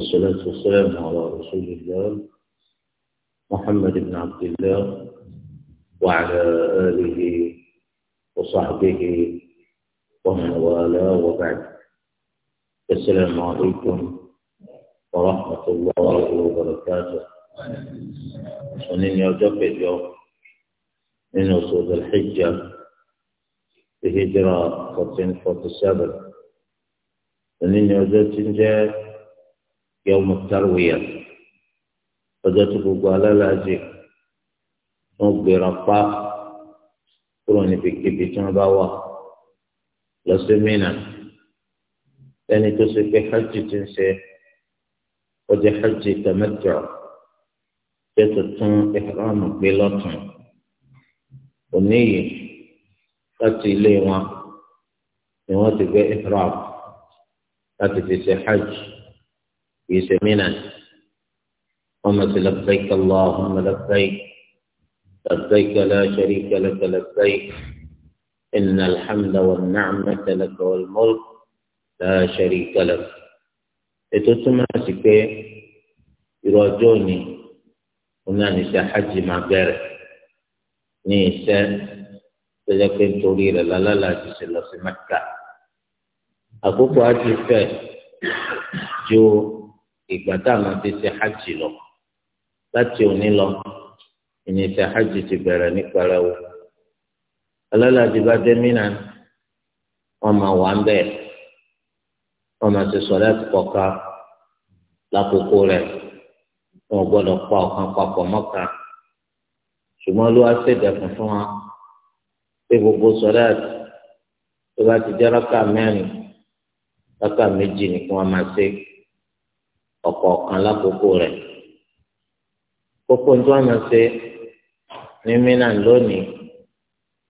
والصلاة والسلام على رسول الله محمد بن عبد الله وعلى آله وصحبه ومن والاه وبعد السلام عليكم ورحمة الله وبركاته ونين يوجب اليوم من وصول الحجة بهجرة 1447 ونين يوجب تنجاب yawm at-tarwiyah ọjọ́ tí gbogbo alálàájì wọn gbéra pa kúrò níbikíbi tí wọn bá wà lọ sí Mínà ẹni tó ṣe pé hajj ti ń ṣe ọjọ́ hajj tamattu jẹ́ tuntun ihram gbé lọ́tún òní yìí láti ilé wọn ni wọ́n ti gbé ihram láti fi ṣe hajj. يسمينا وما تلبيك اللهم لبيك لبيك لا شريك لك لبيك إن الحمد والنعمة لك والملك لا شريك لك إتوتما سكي يراجوني هنا نساء حج مع بارك نساء تذكر توليرا لا لا لا تسلس مكة أقوك أجل فيه جو ìgbà táwọn ti ṣe hajj lọ láti òní lọ ìní ṣe hajj ti bẹ̀rẹ̀ ní pẹrẹwu ọlọ́làjì bá dé mínà wọn máa wà ń bẹ̀ wọn máa ti sọ láti kọ̀ọ̀ka lákòókò rẹ̀ wọn gbọ́dọ̀ pa ọ̀kan papọ̀ mọ́ka ṣùgbọ́n ló wá ṣèdẹ̀kùn fún wa pé gbogbo sọ̀dáàtì tó bá ti jẹ́ rákà mẹ́rin rákà méjì nìkan wọn máa ṣe ọ̀kọ̀ọ̀kan lákòókò rẹ̀ kókó tí wọ́n máa ṣe ní mínà lónìí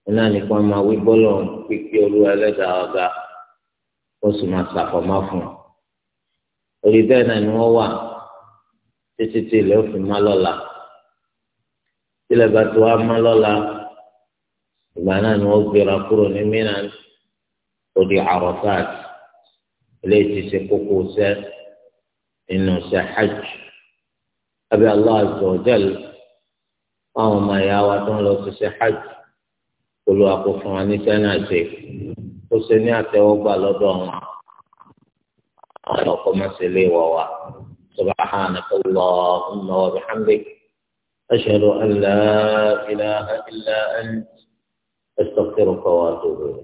iná nìkan máa wí bọ́lọ̀ pípé olúwa ẹlẹ́dàá ọ̀gá ó sì máa ṣàfọ̀mọ́ fún un orí bẹ́ẹ̀ náà ni wọ́n wà títí tí ilẹ̀ òfin má lọ́la ilẹ̀ bá tó wá má lọ́la ìgbà náà ni wọ́n gbéra kúrò ní mínà ó di ilé ti ṣe kókó sẹ́ẹ̀. inú iṣẹ́ hajj àbí Allah azza wa jal àwọn ọmọ ìyá wa tó ń lọ ṣiṣẹ́ hajj Olúwa kó fún wa níṣẹ́ náà ṣe ó ṣe ní àtẹ́wọ́gbà lọ́dọ̀ wọn àwọn ọkọ̀ máa ṣe lé wọ wa subhanaka Allahumma wa bihamdik ashhadu an la ilaha illa ant astaghfiruka wa atubu ilayk.